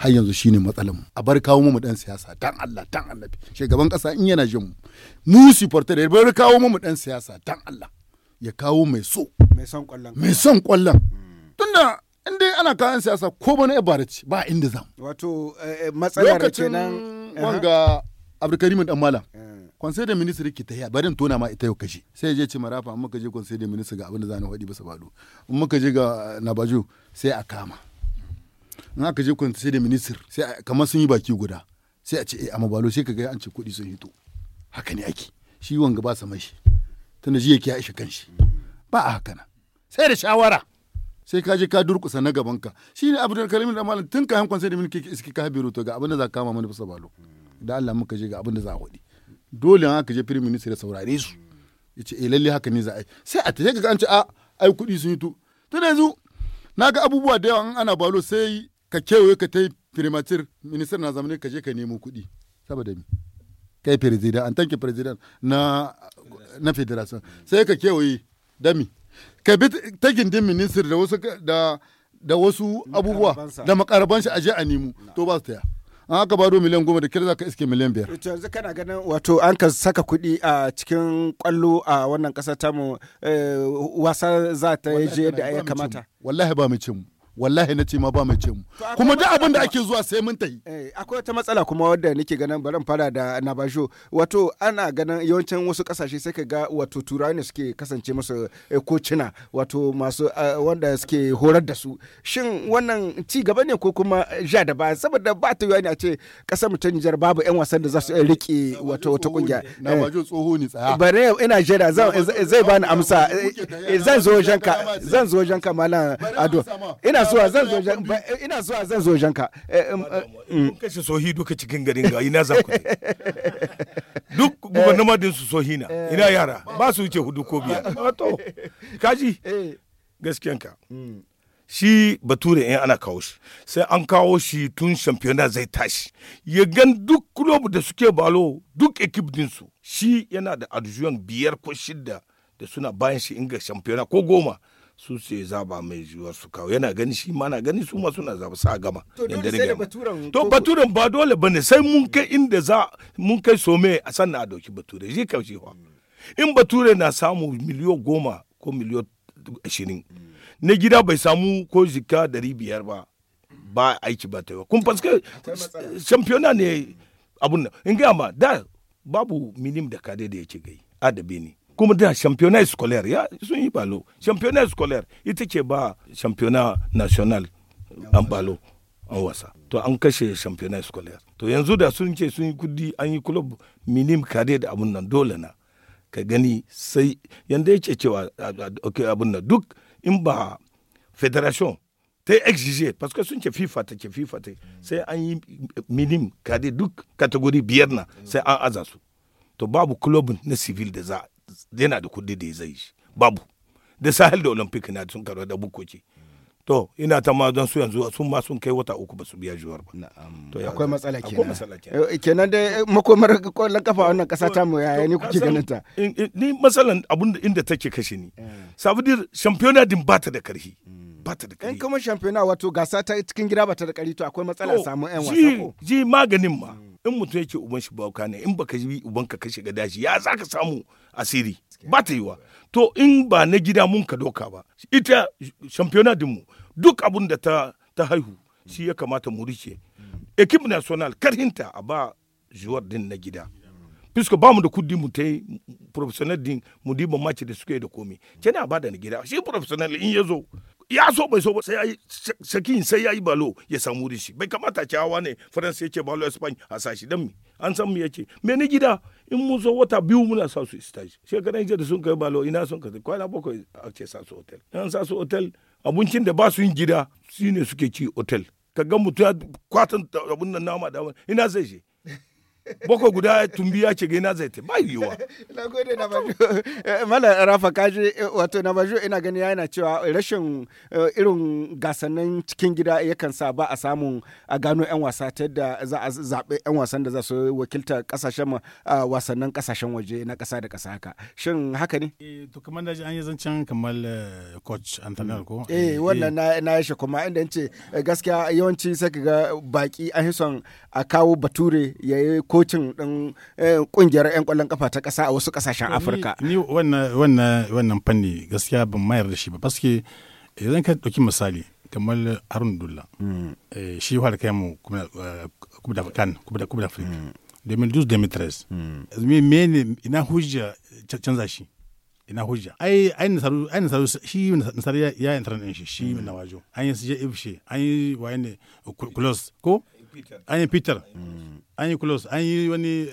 har yanzu shine matsalar mu a bar kawo mu dan siyasa dan Allah dan annabi shugaban kasa in yana jin mu mu supporter da bar kawo mu dan siyasa dan Allah ya kawo mai so mai son kwallon mai son kwallon tunda in dai ana kawo siyasa ko bana ibarace ba inda zamu wato eh, eh, matsalar kenan wanga abdulkarimin dan malam eh. conseil da ministre ki tahiya barin tona ma ita yau kashi sai je ci marafa muka je conseil da ministre ga abin da zani hadi bisa bado in muka je ga nabaju sai a kama in aka je conseil da ministre sai kamar sun yi baki guda sai a ce eh amma balo sai kaga an ce kuɗi sun hito haka ne ake shi wanga ba sa mai shi tunda jiya ki ya ishe kanshi ba a haka sai da shawara sai ka je ka durkusa na gaban ka shine abdul karimin da malam tun kayan sai da min kike iski ka biro to ga abin da za ka kama mana bisa balo da Allah muka je ga abin da za a hodi dole an aka je prime minister da saurare su yace eh lalle haka ne za a yi sai a taje ga an ce a ah, ai kuɗi sun yi to tun yanzu na ga abubuwa da yawa in ana balo sai ka kewaye ka ta yi primatir minister na zamani ka je ka nemo kuɗi saboda mi kai president an tanke president na na federation sai ka kewaye dami ka bi ta gindin ministir da wasu da da wasu abubuwa da makaraban shi aje a nemo to ba su taya an haka bado miliyan goma da kira za ka iske miliyan biyar. to yanzu kana ganin wato an ka saka kuɗi a cikin kwallo a wannan ƙasar tamu eh, wasa za ta yi je da ya kamata. wallahi ba mu ce mu. wallahi na ce ma ba mai ce mu kuma duk abin da ake zuwa sai mun tafi eh, akwai wata matsala kuma wadda nake ganin baran fara da nabasho wato ana ganin yawancin wasu kasashe sai ka ga wato turawa ne suke kasance musu eh, kocina wato masu eh, wanda suke horar da su shin wannan ci gaba ne ko kuma ja da ba saboda ba ta yiwa ne a ce kasar mu ta Nijar babu yan wasan da za su rike wato wata kungiya nabasho tsoho ni tsaya bare ina jira zai bani amsa zan zo wajenka zan zo wajenka malam ado ina zuwa zan zo jan ina zuwa zan zo jan ka eh, eh, eh, mm. kun kashe sohi duka cikin garin ga ina za ku duk gubernama din su sohi na ina yara ba su wuce hudu ko biyar wato kaji gaskiyan ka mm. shi bature in ana kawo shi sai an kawo shi tun shampiyona zai tashi ya gan duk kulob da suke balo duk ekip dinsu shi yana da adjuwan biyar ko shidda da suna bayan shi inga shampiyona ko goma su ce zaba mai yiwuwar su kawo yana gani shi ma na gani su masu na zaba sa gama ne to baturan ba dole bane sai mun kai inda za mun kai some a san na doki bature je kaushe wa in bature na samu miliyo goma ko miliyo ashirin na gida bai samu ko jika dari biyar ba ba aiki ba ta yi kun faske championa ne abun nan in gaya ma da babu minim da kade da yake gai adabi ne kuma da championnat scolaire ya sun yi balo championnat scolaire ita ce ba championnat national an balo an wasa to an kashe championnat scolaire to yanzu da sun ce sun yi kudi an yi club minim kare da abun nan dole na ka gani sai yanda yake cewa okay abun nan duk in ba federation ta yi exige parce que sun ce fifa ta ce fifa ta sai an yi minim kade duk kategori biyar na sai an aza su to babu club na civil da za yana da kudi da zai shi babu da sahel da olympic na sun karo da bukoki to ina ta ma don su yanzu sun ma sun kai wata uku ba su biya juwar ba to akwai matsala kenan eh, kenan da eh, makomar kwallon kafa wannan kasa ta mu yaya ni kuke ganin ta ni matsalan abun inda take kashe ni eh. sabudir championnat din ba ta da karfi hmm. ba ta da karhi kuma championnat wato gasa ta cikin gida ba ta da karfi to akwai matsala samu yan wasa ko ji maganin ma hmm. in mutum yake uban shi bauka ne in baka yi uban ka kashe ga dashi ya zaka samu asiri ba ta yiwa to in ba na gida mun ka doka ba ita championnat din duk abun da ta ta haihu shi ya kamata mu rike equipe national karhinta a ba juwar din na gida puisque ba mu da kudi mu ta professionnel din mu diba match da suke da komi kenan a ba da na gida shi professionnel in ya zo ya so bai so ba sai yayi shakin sai ya yi balo ya samu rishi bai kamata cewa ne faransa yake balo ya spain a sashi dan mi an san mu yake me ni gida in mun so wata biyu muna sa su stage shekaran nan da sun kai balo ina sun kai kwana bakwai ce sa su hotel an sa su hotel abincin da ba su yin gida shine suke ci hotel ka ga mutum ya kwatan abun nan nama da ina sai shi boko guda tumbi ya ce gina zai ta bai yiwa na gode na bajo eh, mala rafa kaji eh, wato na bajo ina gani yana cewa rashin eh, irin gasannin cikin gida yakan sa ba a samun a gano yan wasa ta yadda za a zaɓi yan wasan da za su wakilta kasashen wasannin kasashen waje na ƙasa da ƙasa haka shin haka ne to kamar da an yi zancen kamar coach antanel ko eh wannan na yashe kuma inda ce gaskiya yawanci sai ka ga baki an son a kawo bature ya yi kocin ɗin eh, ƙungiyar 'yan ƙwallon kafa ta ƙasa a wasu ƙasashen Afirka. Ni wannan fanni gaskiya ban mayar da shi ba paske idan ka ɗauki misali kamar Harun Dulla hmm. eh, shi fara kai mu kuma da kan kuma da kuma da Afirka. 2012 mene ina hujja canza shi ina hujja ai ai nasaru ai nasaru shi nasaru ya ya din shi shi hmm. na wajo an yi sije ifshe an yi waye ne ko an yi peter an yi close an yi wani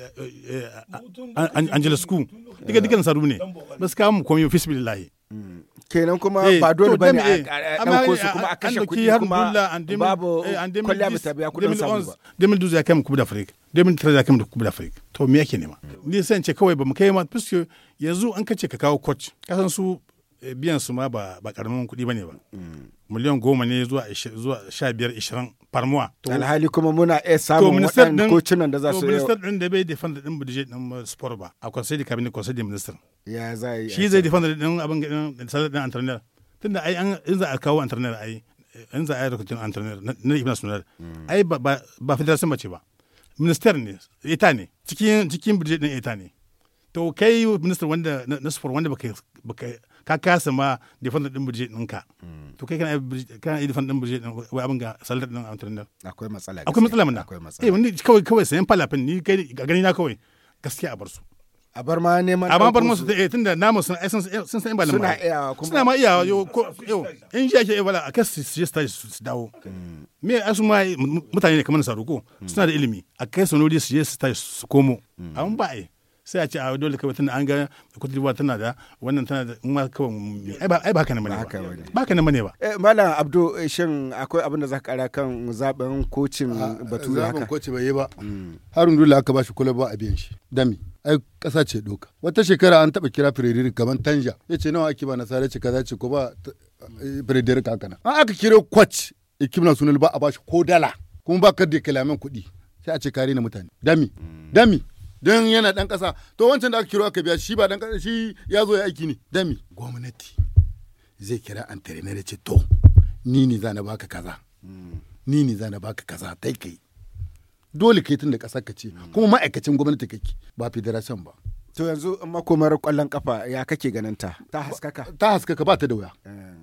school duka dukan nasaru ne ba su kawo mu komi fi lahi kenan kuma ba dole ne a ɗauko kuma a kashe kuɗi kuma babu kwalliya mai tabiya kudin samu ba 2012 ya kai mu kubu da afirka 2013 ya kai mu kubu da afirka to me yake nema ni sai ce kawai ba mu kai ma fiske yanzu an kace ka kawo coach kasan su biyan su ma ba karamin kuɗi ne ba miliyan goma ne zuwa sha biyar ishirin farmuwa. alhali kuma muna iya samun waɗanda kocinan da za su yi. minister ɗin da bai defend ɗin budget ɗin sport ba a conseil de cabinet conseil de minister. ya za yi shi zai defend ɗin abin ɗin salar ɗin antarnar. tunda da in za a kawo a yi. in za a yi rikicin antarnar na ibn sunar hmm. ai ba federation ba ce ba minister ne ita ne cikin cikin budget ɗin ita ne to kai minister wanda na sport wanda baka baka ka kasa ma defender din budget ɗinka to kai kana kana defender din budget din wai abin ga salary din entrepreneur akwai matsala akwai matsala mun akwai matsala eh wani kawai kawai sayan falafin ni kai ga gani na kawai gaskiya a bar su a bar ma neman a bar musu eh tunda namu sun ai sun san ba suna iya suna ma iya yo yo in ji ake bala a kai su je su dawo me asu ma mutane ne kamar saruko suna da ilimi a kai su nuri su je su komo amma ba eh sai a ce a ah, dole kawai tana an ga kutubuwa tana da wannan tana da in ma kawai ai ba haka na mane ba ba haka ne mane ba eh, malam abdu shin akwai abin da za ka kara kan zaben kocin ah, bature haka zaben kocin bai yi ba mm. harun dole aka ba shi kula ba a biyan shi dami ai kasa ce doka wata shekara an taba kira frederic gaban tanja ya ce nawa ake ba sare ce kaza ce ko ba eh, frederic haka nan an aka kira coach ikib national ba a ba shi ko dala kuma ba ka da kalamin kuɗi sai a ce kare na mutane dami mm. dami don yana dan kasa to wancan da aka kiro aka biya shi ba dan kasa shi ya zo ya aiki ne dami gwamnati zai kira antrenar ya ce to ni ne za na baka kaza ni ne za na baka kaza tai kai dole kai tun da kasa ka ce kuma ma'aikacin gwamnati kake ba federation ba to yanzu makomar kwallon kafa ya kake ganin ta ta haskaka ta haskaka ba ta da wuya eh.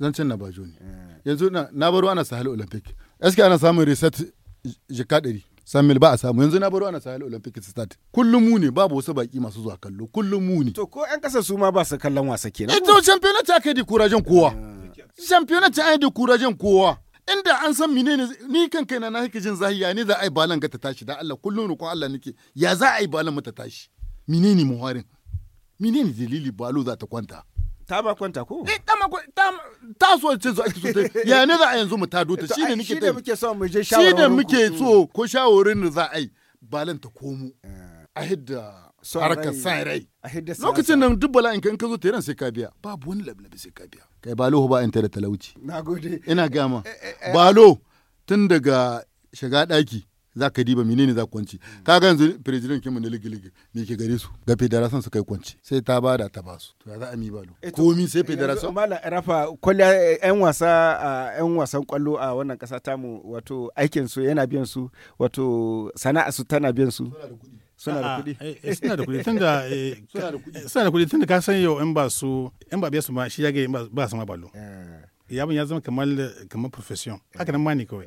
zancen na bajo ne eh. yanzu na baro ana sahal olympic eske ana samun reset jika ɗari mil ba a samu yanzu na baro ana sahel olympic start kullum mu ne babu wasu baki masu zuwa kallo kullum mu ne to ko yan kasar su ma ba su kallon wasa kenan ita eh, championat ta kai di kurajen kowa championat ta kai di kurajen kowa inda an san mine ne ni kan kaina na haka jin zahiya ne za a yi balan ga ta tashi da Allah kullum ko Allah nake ya za a yi balan mu ta tashi mine ne muharin mine ne dalili balo za ta kwanta ta ma kwanta ko eh ta ma ta so ce zo ake so ya ne za a yanzu mu ta dota shine nake shine muke so mu je shawarin shine muke so mm. ko shawarin da za a yi balan ta komu. Eh. a hidda harkar sa rai lokacin nan duk bala'in in ka zo ran sai ka biya babu wani lablabi sai ka biya kai balo ba in da talauci nagode ina gama eh, eh, balo tun daga shiga daki za ka diba menene za kwanci ka ga yanzu president kima na ligilige ligi me ke gare su ga federation su kai kwanci sai ta bada ta ba su to ya za a mi lo eh, komi sai federation mala rafa kwalliya eh, yan wasa yan wasan kwallo a wannan kasa mu wato aikin su yana biyan su wato sana'a su tana biyan su suna da kuɗi suna da kuɗi tunda suna da kuɗi tunda ka san yau in ba su in ba biya su ma shi ya ga ba su ma balo eh. yabon ya zama kamar kamar profession haka nan ma ne kawai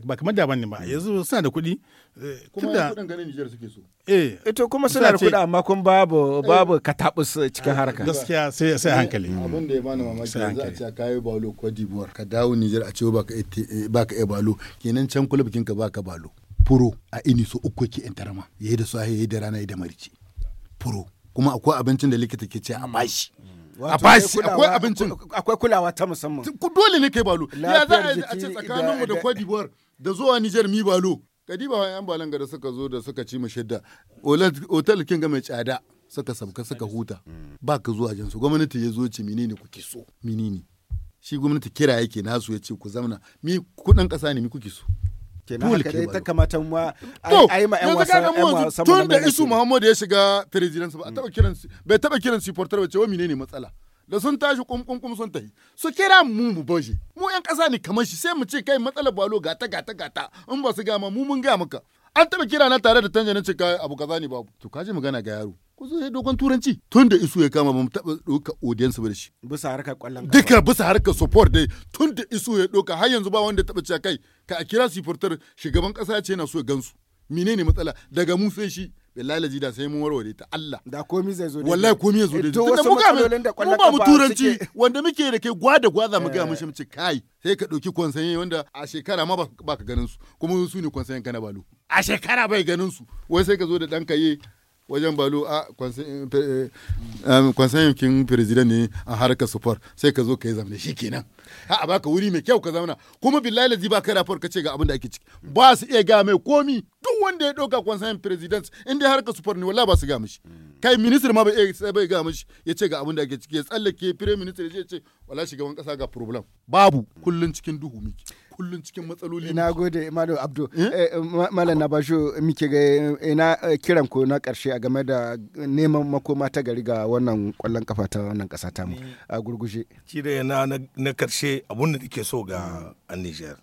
ba kamar da bane ba hmm. yanzu suna da kuɗi eh, kuma kuɗin ganin Nijar suke so eh ito eh, kuma suna da kuɗi amma kun babu eh. babu katabus cikin harka gaskiya sai sai hankali abin da ya bani mamaki yanzu a ce yi balo ko dibuwar ka dawo Nijar a ce baka baka e balo kenan can kulub kinka baka balo furo a ini so uku ke intarama. tarama yayi da sahi yayi da rana yayi da marici furo kuma akwai abincin da likita ke ce a mashi. Hmm. a bashi akwai abincin akwai kulawa ta musamman dole ne kai balo ya za a ce da Cote d'Ivoire da zuwa Niger mi balo kadiba wa yan balanga da suka zo da suka ci mu shidda otal kin ga mai tsada suka sabka suka huta ba ka zuwa jinsu gwamnati ya zo ci menene kuke so menene shi gwamnati kira yake nasu ya ce ku zamana mi kudan kasa ne mi kuke so kenan haka dai ta kamata ma ai ma yan wasa yan wasa tun da isu muhammadu ya shiga presidency ba taba kiran bai taba kiran supporter ba ce wa menene matsala da sun tashi kumkumkum sun tahi su kira mu mu baje mu yan kasa ne kamar shi sai mu ce kai matsala balo gata gata gata in ba su gama mu mun ga maka an taba kira na tare da tanjanin cika abu kaza ne babu to kaje magana ga yaro ku zo dogon turanci tun da isu ya kama ba mu taba doka audience ba da shi bisa harkar kwallon duka bisa harkar support dai tun da isu ya doka har yanzu ba wanda taba cewa kai ka a kira siportar shugaban kasa ce na so gansu menene matsala daga mu sai shi billahi laji da sai mun warware ta Allah da komi zai zo da wallahi komi zai zo da eh, to wasu matsalolin da kwallon kafa mu turanci wanda muke da kai gwada gwaza mu ga eh. mu shi kai sai ka dauki konsanye wanda a shekara ma ba ka ganin su kuma su ne konsanyen kana balo a shekara bai ganin su wai sai ka zo da dan kaye wajen balu a kwansayin eh, ne a harkar support sai ka zo ka yi zamani shi kenan a baka wuri mai kyau ka zauna kuma billahi lazi ba kai rafor ka ce ga abin da ake ciki ba su iya ga mai komi duk wanda ya ɗauka kwansayin president in dai harkar support ne wallahi ba su ga mishi kai minister ma bai ga mishi ya ce ga abin da ake ciki ya tsallake prime minister ya ce wallahi shugaban kasa ga problem babu kullun cikin duhu miki kullun cikin matsaloli ina gode malo abdu eh? eh, eh, malam na basho muke ga ina kiran ko na karshe a game da neman makoma ta gari ga wannan kwallon kafa ta wannan kasa ta mu a gurguje ci da na na karshe abun da nake so ga a Niger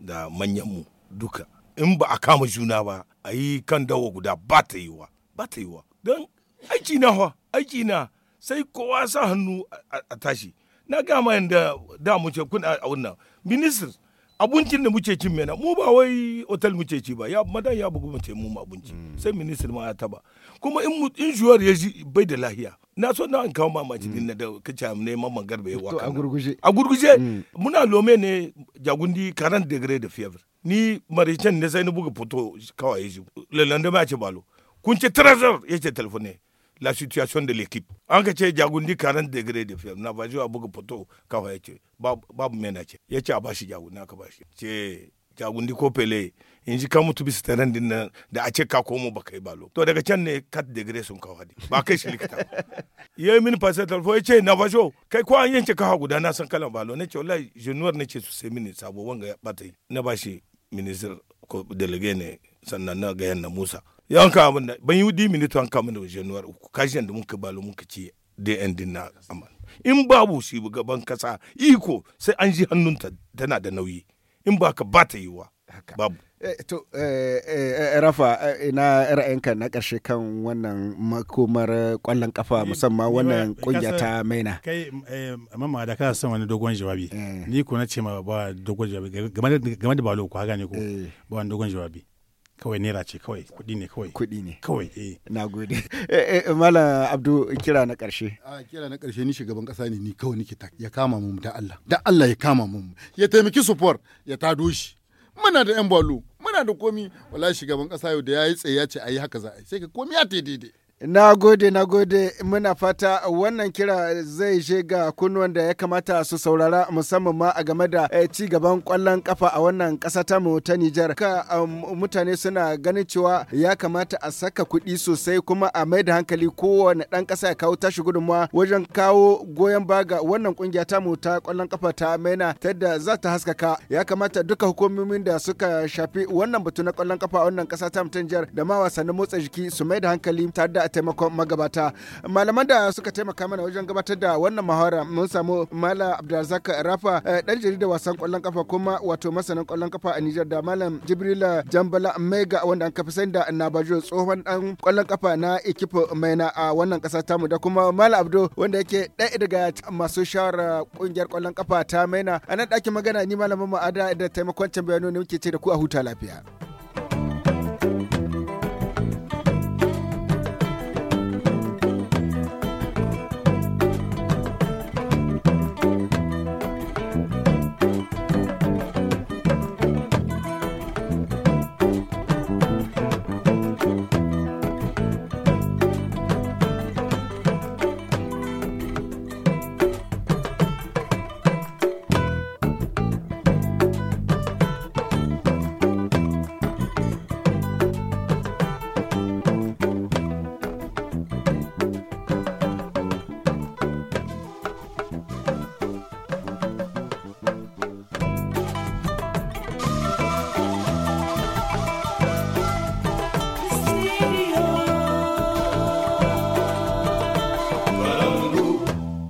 da manyan mu duka in ba a kama juna ba a yi kan dawo guda ba ta wa. ba ta wa don aiki na hawa aiki na sai kowa sa hannu a tashi na gama yadda da mu ce kuna a wannan ministers abincin da muke cin mena mu ba wai otal muke ci ba ya madan ya bugu mace mu abinci mm. sai minister ma ya taba kuma in in juwar ya ji bai da lahiya na so na an kawo mamaci din mm. na da kace neman garba bai waka a gurguje a gurguje mm. muna lome ne jagundi 40 degree da fever ni maricen ne sai na buga foto kawai ya ji lalanda ma ce balo kun ce trezor yace telefone la situation de l'équipe an ka ce jagundi 40 degré de fiyar na ba a poto foto kafa ya ce babu mena ce ye ce a bashi jagundi aka bashi ce jagundi ko pele in ji kan mutu bisa taron din da a ce ka komo ba kai balo to daga can ne 4 degré sun kawo hadi ba kai shi likita yayi mini fasa talfo ya ce na bajo kai ko an yanke kafa guda na san kalan balo ne ce wallahi junior ne ce su sai mini sabo wanga ya bata na bashi minister ko delegate ne sannan na gayan na Musa yanka abin da ban yi wudi minute wanka kama da januwar uku kashi yadda muka balo muka ce yan din na amal in babu shi gaban kasa iko sai an ji hannunta tana da nauyi in ba ka ba ta wa babu eh, to eh, eh, rafa ina ra'ayinka na karshe kan wannan makomar kwallon kafa musamman wannan kungiya ta maina kai mamma da ka san wani dogon jawabi ni ko na ce ma ba dogon jawabi game da balo ko haka ne ko ba dogon jawabi kawai naira ce kawai kuɗi ne kawai kuɗi ne kawai eh na gode eh, eh, malam abdu kira na ƙarshe a kira na ƙarshe ni shugaban ƙasa ne ni kawai nake ta ya kama mu da Allah da Allah ya kama mu ya taimaki support ya tado shi muna da yan balo muna da komi wala shugaban ƙasa yau da yayi tsaye ya ce ayi haka za a yi sai ka komi ya daidai Na gode, na gode, muna fata wannan kira zai je ga kunnuwan da ya kamata su saurara musamman ma a game da eh, ci gaban kwallon kafa a wannan ƙasa ta mu ta Nijar. Ka um, mutane suna ganin cewa ya kamata a saka kuɗi sosai kuma a mai da hankali kowane ɗan ƙasa ya kawo tashi gudunmawa wajen kawo goyon baga wannan ƙungiya ta mu ta kwallon kafa ta maina ta yadda za ta haskaka. Ya kamata duka hukumomin da suka shafi wannan batu na kwallon kafa a wannan ƙasa ta mu ta Nijar da ma wasannin motsa jiki su mai da hankali ta da taimakon magabata malaman da suka taimaka mana wajen gabatar da wannan muhawara mun samu mala abdulrazak rafa dan eh, jarida wasan kwallon kafa kuma wato masanin kwallon kafa a Nijar da malam jibrila jambala mega wanda an kafi sani da nabajo tsohon dan kwallon kafa na ekipo maina a wannan kasa tamu da kuma mala abdo wanda yake ɗaya daga masu shawara kungiyar kwallon kafa ta maina a nan ɗakin magana ni malamin ma'ada da taimakon can bayanu ne muke ce da ku a huta lafiya.